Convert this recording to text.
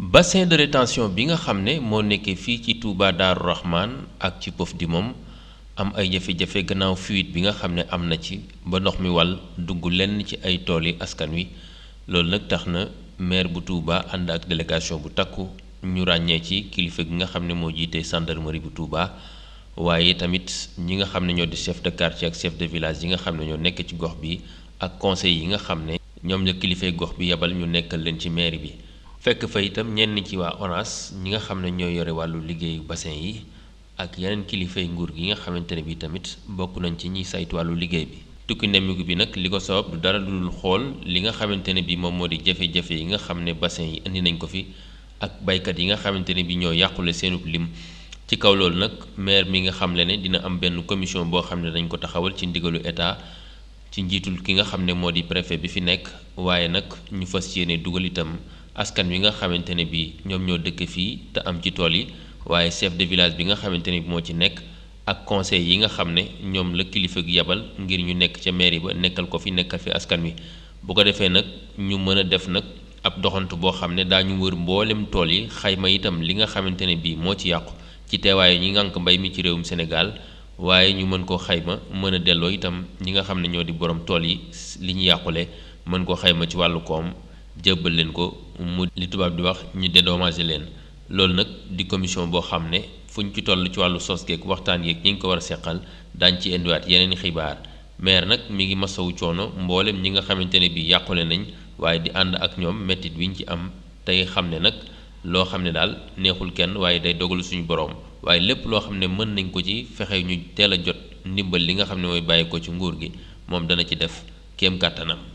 bassin de rétention bi nga xam ne moo nekkee fii ci Touba Daaru raxmaan ak ci Pof di moom am ay jafe-jafe gannaaw fuite bi nga xam ne am na ci ba ndox mi wal dugg lenn ci ay tool yi askan wi loolu nag tax na maire bu Touba ànd ak délégation bu takku ñu ràññee ci kilifa gi nga xam ne moo jiitee gendarmerie bu Touba waaye tamit ñi nga xam ne ñoo di chef de quartier ak chef de village yi nga xam ne ñoo nekk ci gox bi ak conseil yi nga xam ne ñoom la kilifay gox bi yebal ñu nekkal leen ci maire bi fekk fa itam ñenn ci waa ONAS ñi nga xam ne ñoo yore wàllu liggéeyu bassin yi ak yeneen kilifay nguur gi nga xamante ne bi tamit bokk nañ ci ñi saytu wàllu liggéey bi tukki nemmiku bi nag li ko sabab du dara lu dul xool li nga xamante ne bi moom moo di jafe-jafe yi nga xam ne bassin yi indi nañ ko fi ak baykat yi nga xamante ne bi ñoo yàqule seenub lim ci kaw loolu nag maire mi nga xam le ne dina am benn commission boo xam ne dañ ko taxawal ci ndigalu état ci njiitul ki nga xam ne moo di préfet bi fi nekk waaye nag ñu fas yéene dugal itam askan wi nga xamante ne bii ñoom ñoo dëkk fii te am ci tool yi waaye chef de village bi nga xamante ne bi moo ci nekk ak conseil yi nga xam ne ñoom la kilifa gi yabal ngir ñu nekk ca mairie ba nekkal ko fi nekkal fi askan wi bu ko defee nag ñu mën a def nag ab doxantu boo xam ne daañu wër mbooleem tool yi xayma itam li nga xamante ne bii moo ci yàqu ci teewaayu ñi ngànk mbay mi ci réewum Sénégal waaye ñu mën koo xayma mën a delloo itam ñi nga xam ne ñoo di borom tool yi li ñu yàqule mën koo xayma ci wàllu koom jébbal leen ko mu li tubaab di wax ñu dédommagé leen loolu nag di commission boo xam ne fu ñu ci toll ci wàllu sos geeg waxtaan yeeg ñi ngi ko war a seqal daañ ci indiwaat yeneen xibaar maire nag mi ngi masawu coono mboolem ñi nga xamante ne bi yàqule nañ waaye di ànd ak ñoom mettit wi ñu ci am tey xam ne nag loo xam ne daal neexul kenn waaye day dogalu suñu boroom waaye lépp loo xam ne mën nañ ko ci fexe ñu teel a jot ndimbal li nga xam ne mooy bàyyi ko ci nguur gi moom dana ci def kéem kàttanam